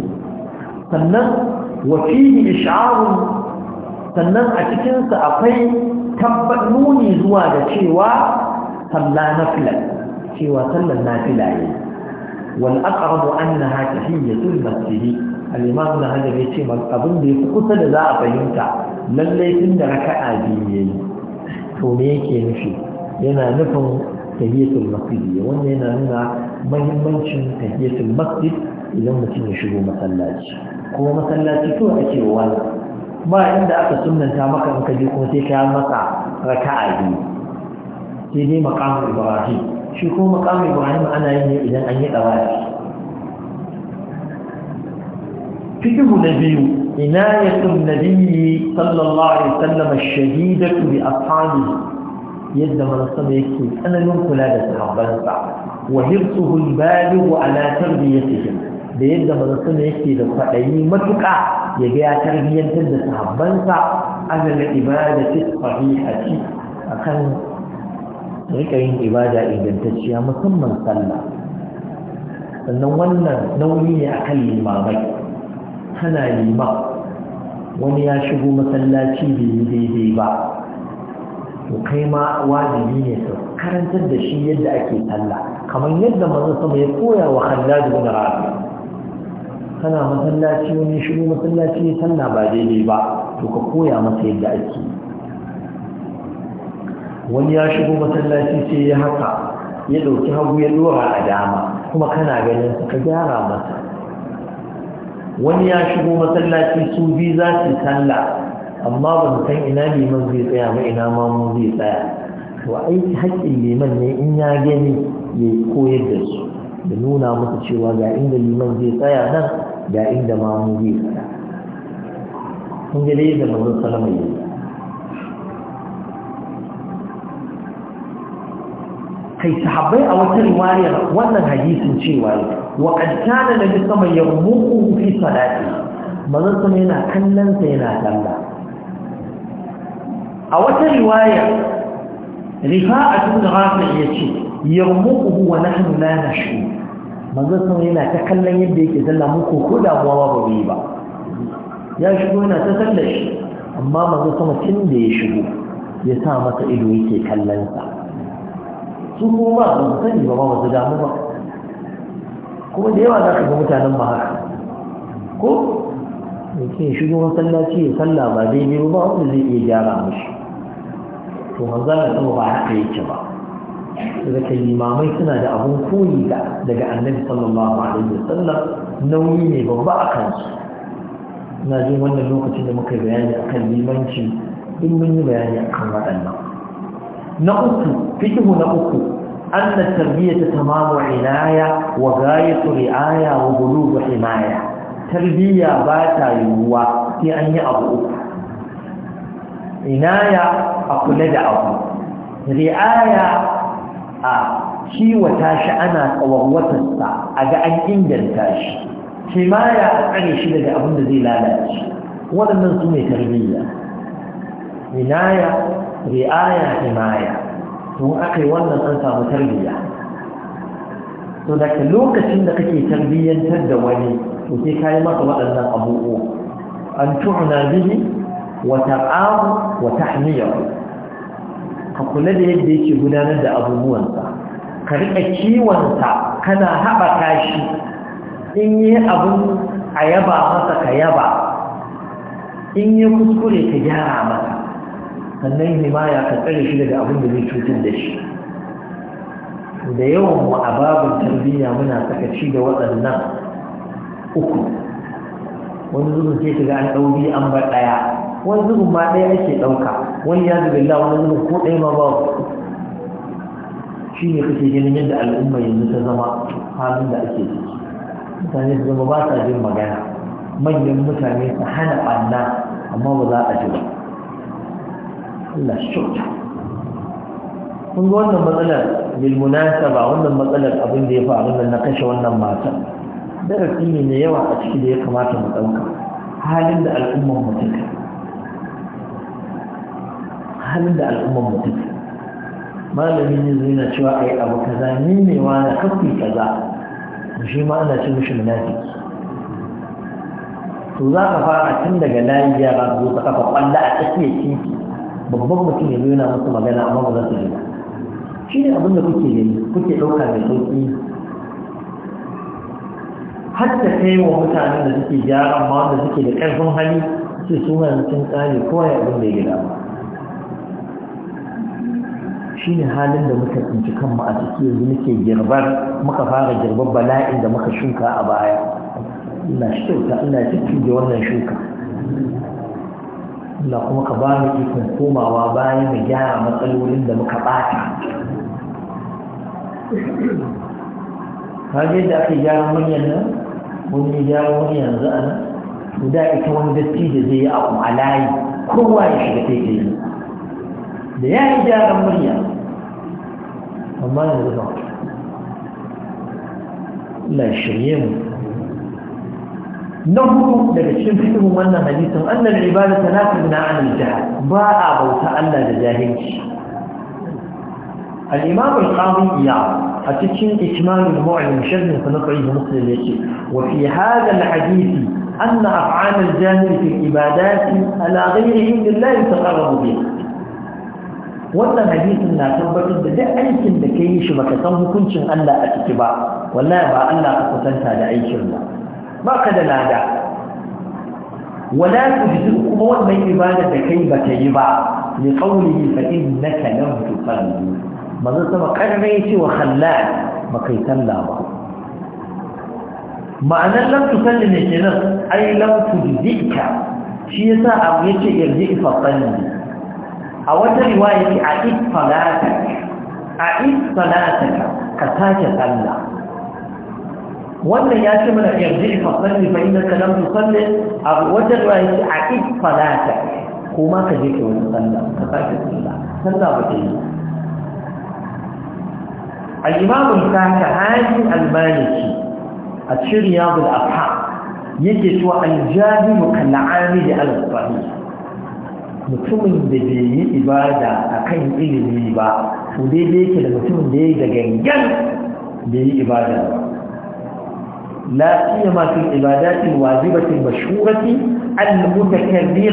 sannan wa fihi ish'arun sannan a cikinsa akwai tabbat nuni zuwa da cewa sallah nafila cewa sallan nafila ne wal aqrabu annaha tahiyatul masjid al-imam ibn hajar yace man abin da fi kusa da za a fahimta lallai lalle inda raka'a biyu yayi to me yake nufi yana nufin tahiyatul masjid wannan yana nuna muhimmancin tahiyatul masjid idan mutum ya shigo masallaci kuma masallaci to ake wani ba inda aka sunnanta maka in ka je kuma sai ka masa raka'a biyu sai dai maqam ibrahim shi ko maqam ibrahim ana yin ne idan an yi dawafi fikihu na biyu عناية النبي صلى الله عليه وسلم الشديدة بأصحابه يد من يكتب أنا ينقل هذا الصحابة وحرصه البالغ ala تربيتهم da yadda ne yake da kwaɗayi matuƙa ya ga ya tarbiyyantar da sahabbansa ibada ibadati sahihati akan rika yin ibada ingantacciya musamman sallah sannan wannan nauyi ne a kan limamai Tana lima wani ya shigo masallaci bai yi daidai ba to kai ma wajibi ne su karantar da shi yadda ake sallah kamar yadda manzon ya koya wa da wani rafi? kana masallaci wani shigo masallaci ya sallah ba daidai ba to ka koya masa yadda ake wani ya shigo masallaci sai ya haka ya ɗauki hagu ya dora a dama kuma kana ganin ka gyara masa wani ya shigo masallaci su bi za su sallah amma ban san ina liman zai tsaya ba ina ma mu zai tsaya to aiki haƙƙin liman ne in ya gani ya koyar da su da nuna masa cewa ga inda liman zai tsaya nan da inda ma mu zai fada kun ga dai da manzon sallama yi kai sahabbai a wata riwayar wannan hadisin cewa wa qad kana nabi sama ya yarmuqu fi salati manzon sama yana kallon sa yana sallah a wata riwaya rifa'atu da rafi yace yarmuqu wa nahnu la nashku manzo sun yana ta kallon yadda yake sallah mu ko ko damuwa ba ba yi ba ya shigo yana ta sallah shi amma manzo sama tun da ya shigo ya sa masa ido yake kallon sa su kuma ba su sani ba ba su damu ba kuma da yawa za ka ga mutanen ba haka ko yake shigo masallaci ya sallah ba daidai ba wanda zai iya gyara mashi to manzo Allah ba haka yake ba zaka yi mamai suna da abun koyi da daga annabi sallallahu alaihi wasallam nauyi ne babba a kansu na ji wannan lokacin da muka bayani akan limanci in mun yi bayani akan waɗannan na uku fitihu na uku an da tarbiyyata ta mamu inaya wa gayatu ri'aya wa gulu wa himaya tarbiyya ba ta yiwuwa sai an yi abu uku inaya a kula da abu ri'aya a kiwata shi ana tsawawatarsa a ga an inganta shi kimaya a tsare shi daga abin da zai lalace waɗannan su ne tarbiyya Inaya, ri'aya himaya Tun aka yi wannan an samu tarbiyya to lokacin da kake tarbiyyantar da wani to sai ka maka waɗannan abubuwa an tu'na bihi wa ta'amu wa tahmiyahu ka kula da yadda yake gudanar da abubuwansa ka riƙa kiwonsa kana haɓaka shi in yi abin a yaba masa ka yaba in yi kuskure ka gyara masa sannan himaya ka tsare shi daga abin da zai cutar da shi da yawan mu a babin tarbiyya muna sakaci da waɗannan uku wani zubin sai ka ga an ɗauri an bar ɗaya wani zubin ma ɗaya ake ɗauka wani ya zubin la wani zubin ko ɗaya ma babu shi ne kake ganin yadda al'umma yanzu ta zama halin da ake ciki mutane su zama ba sa jin magana manyan mutane su hana ɓanna amma ba za a ji ba Allah shi kun ga wannan matsalar bilmunasa ba wannan matsalar abin da ya faru da na kashe wannan mata darasi ne mai yawa a ciki da ya kamata mu ɗauka halin da al'ummar mu take halin da al'ummar mutum malamin yanzu yana cewa a yi abu kaza ni ne wa na kafin kaza shi ma ana ce mishi munafiki to za ka fara tun daga layi yara zo ta kafa kwalla a tsakiyar titi babban mutum ya zo yana musu magana amma ba za su ji ba shi ne abin da kuke yi kuke ɗauka mai sauƙi hatta kai wa mutanen da suke gyara ma wanda suke da ƙarfin hali su suna sun tsari kowa ya abin da ya gida ba shine halin da muka tsinci kanmu a ciki yanzu muke girbar muka fara girbar bala'in da muka shuka a baya ina shi kyauta ya cikin da wannan shuka Allah kuma ka ba mu ikon komawa bayan mu gyara matsalolin da muka bata kaje da aka gyara manyan nan mun yi gyara wani yanzu a nan guda ita wani datti da zai yi a layi kowa ya shiga taitayi da ya yi gyaran murya amma yanzu ba Allah ya shirye mu na hudu daga cikin fikirin wannan hadisin annal ibada ta nafi na anil jahal ba a bauta Allah da jahilci al-imam al-qadi ya a cikin ikmalul mu'allim sharhin sa na sahih muslim yace wa fi hadha al-hadisi anna af'al al-jahil fi al-ibadat ala ghayrihi lillahi taqarrabu bihi wannan hadisin na tabbatar da duk aikin da ka yi shi baka san hukuncin Allah a ciki ba wallahi ba Allah ka kusanta da aikin ba ka da lada wala tujzi kuma wannan ibada da kai baka yi ba li qawlihi fa innaka lam tusalli manzo sama karre yace wa khallal yi sallah ba ma'anar lam tusalli ne kenan ai lam tujzika shi yasa abu yace irji ifa salli a wata riwaya ce a isfalata a isfalata ka sake sallah wannan ya ce mana yarji ka salli fa inda ka lam tusalli a wata riwaya ce a isfalata ko ma ka je ka wani tsalla, ka sake tsalla, sallah ba ta yi A imam al-kahani al-maliki a cikin riyadul afha yake cewa al-jahilu kal-amili al-sahih mutumin da bai yi ibada a kan ilimi ba to daidai yake da mutumin da ya yi da gangan da yi ibada ba لا سيما في العبادات الواجبة المشهورة المتكررة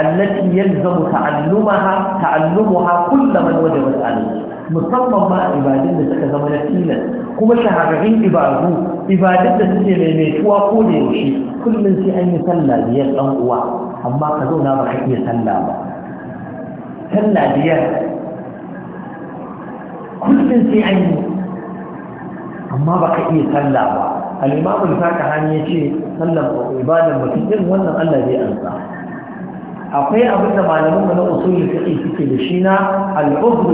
التي يلزم تعلمها تعلمها كل من وجبت عليه musamman ma ibadun da suka zama na tilas kuma shahararrun ibadu ibadun da suke maimaituwa ko da yaushe kullum sai an yi sallah biyar ɗan uwa amma ka zauna ba ka iya sallah ba sallah biyar kullum sai an yi amma ba ka iya sallah ba al'imamun saka hannu ya ce sallan ibadan mutum irin wannan allah zai ansa akwai abin da malamin na usulul fiqh suke da shi na al-udhr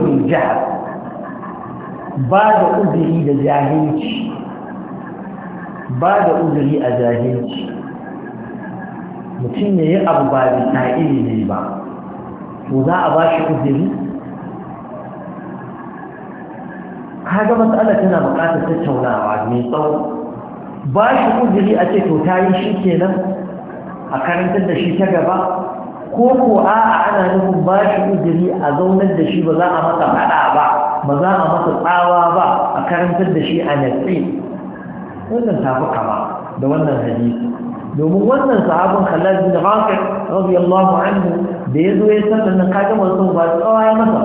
ba da uzuri da jahilci ba da uzuri a jahilci mutum ya yi abu ba bisa ne ba to za a ba shi uzuri kaga matsala tana buƙatar tattaunawa mai tsawo ba shi uziri a ce to ta yi shi kenan a karantar da shi ta gaba ko ko a ana nufin ba shi uziri a zaunar da shi ba za a masa faɗa ba ba za a masa tsawa ba a karantar da shi a natsi wannan tafi kama da wannan hadisi domin wannan sahabin Khalid bin Rafi' radiyallahu anhu da yazo ya san nan kaga mutum ba tsawa ya masa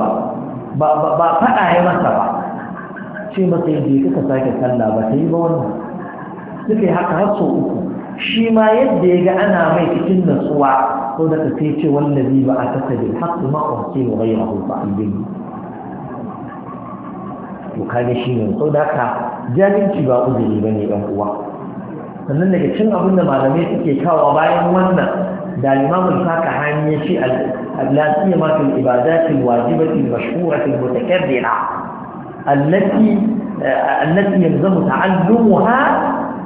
ba ba ba fada ya masa ba ce masa yadda kika sake sallah ba sai ba wannan suka yi haka har sau uku shi ma yadda ya ga ana mai cikin natsuwa ko da ka sai ce wallazi ba a taka bil haqq ma uhsi wa ghayrahu fa albini to kaga shi ne saboda haka jahilci ba uzuri bane dan uwa sannan daga cin abin da malamai suke kawo bayan wannan da limamul faka hani ya ce lafiya ma fil ibadati wajibati mashhurati mutakabbira allati allati yalzamu ta'allumuha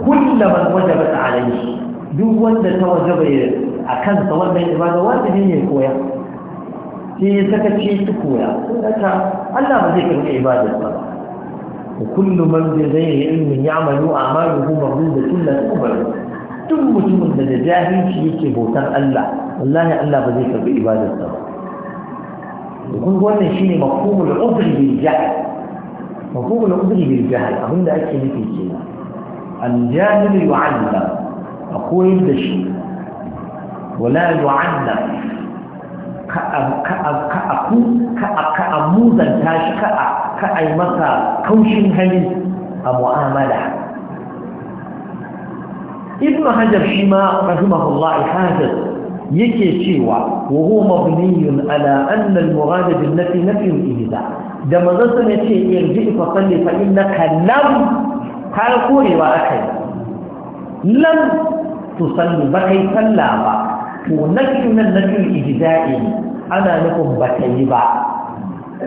kullu man wajabat alayhi duk wanda ta wajaba a kansa wannan ibada wajibi ne koya sai ya saka sakace su koya Sun sai Allah ba zai karɓi ibadar ba وكل من بغير علم يعمل اعماله مردوده الا تقبل ثم مجرم من جاهل في بوتر الله والله الله بذيك بعباده الله يكون وانا شيء مفهوم العذر بالجهل مفهوم العذر بالجهل اظن ده اكيد في كده الجاهل يعلم اقول ده شيء ولا يعلم ka a ku ka a muzanta shi ka a yi masa kaushin hali a mu'amala ibn hajar shi ma rahimahullah al yake cewa wa huwa mabniyun ala anna al-murad bin nafi ihda da manzon sa yace irji fa salli fa innaka lam ka korewa akai lam tusalli ba kai sallah ba to nafi nan nafi ijza'i ana nufin ba ta yi ba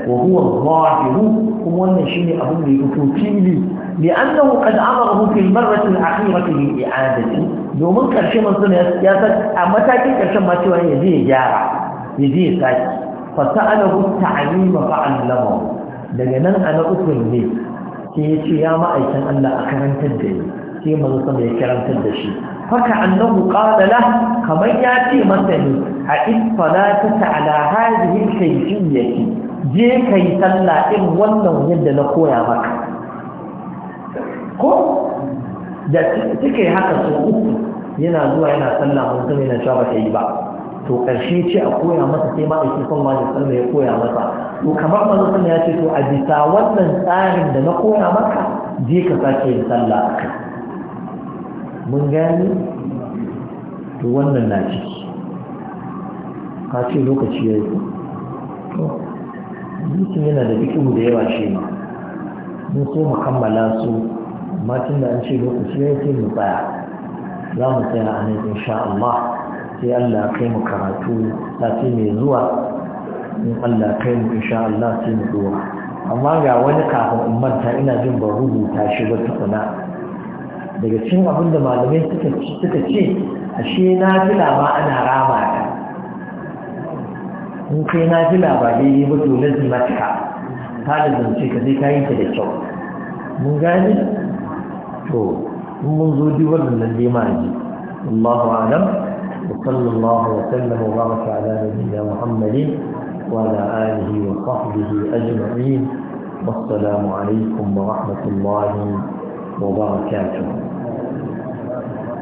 wa huwa zahiru kuma wannan shine abin da ya fito fili لأنه قد أمره في المرة الأخيرة بالإعادة domin ƙarshe manzon ya san a matakin ƙarshen ma cewa ya je gyara ya je saki fa sa'alahu ta'lima fa allama daga nan a na uku ne sai ya ce ya ma'aikin Allah a karantar da ni sai sama ya karantar da shi faka annahu qala la kamar ya ce masa ne a ifala ta ala hadhihi kayfiyyati je kai sallah in wannan yadda na koya maka ko da take haka su uku yana zuwa yana sallah mun zama yana cewa ba yi ba to karshe ce a koya masa sai ma ake son ma da ya koya masa to kamar manzo sun ya ce to a bisa wannan tsarin da na koya maka je ka sake yin sallah akai mun gani to wannan na ciki ka ce lokaci ya yi mutum yana da duk da yawa shi ma mun so mu kammala su matin da an ce lokaci ya yi sai mu tsaya za mu tsaya a nan insha Allah sai Allah kai mu karatu sati mai zuwa in Allah kai mu insha Allah sai mu zuwa amma ga wani kafin in manta ina jin ban rubuta shi ba tukuna daga cin abin da malamai suka ce ashe na fi ma ana rama ta in kai na fila ba daidai ba to lazimatka ta lazimce ka sai ka yi ta da kyau mun gani to in mun zo duk wannan lema ji Allahu alam wa sallallahu wa sallama wa baraka ala nabiyyina Muhammadin wa ala alihi wa sahbihi ajma'in والسلام عليكم ورحمة الله وبركاته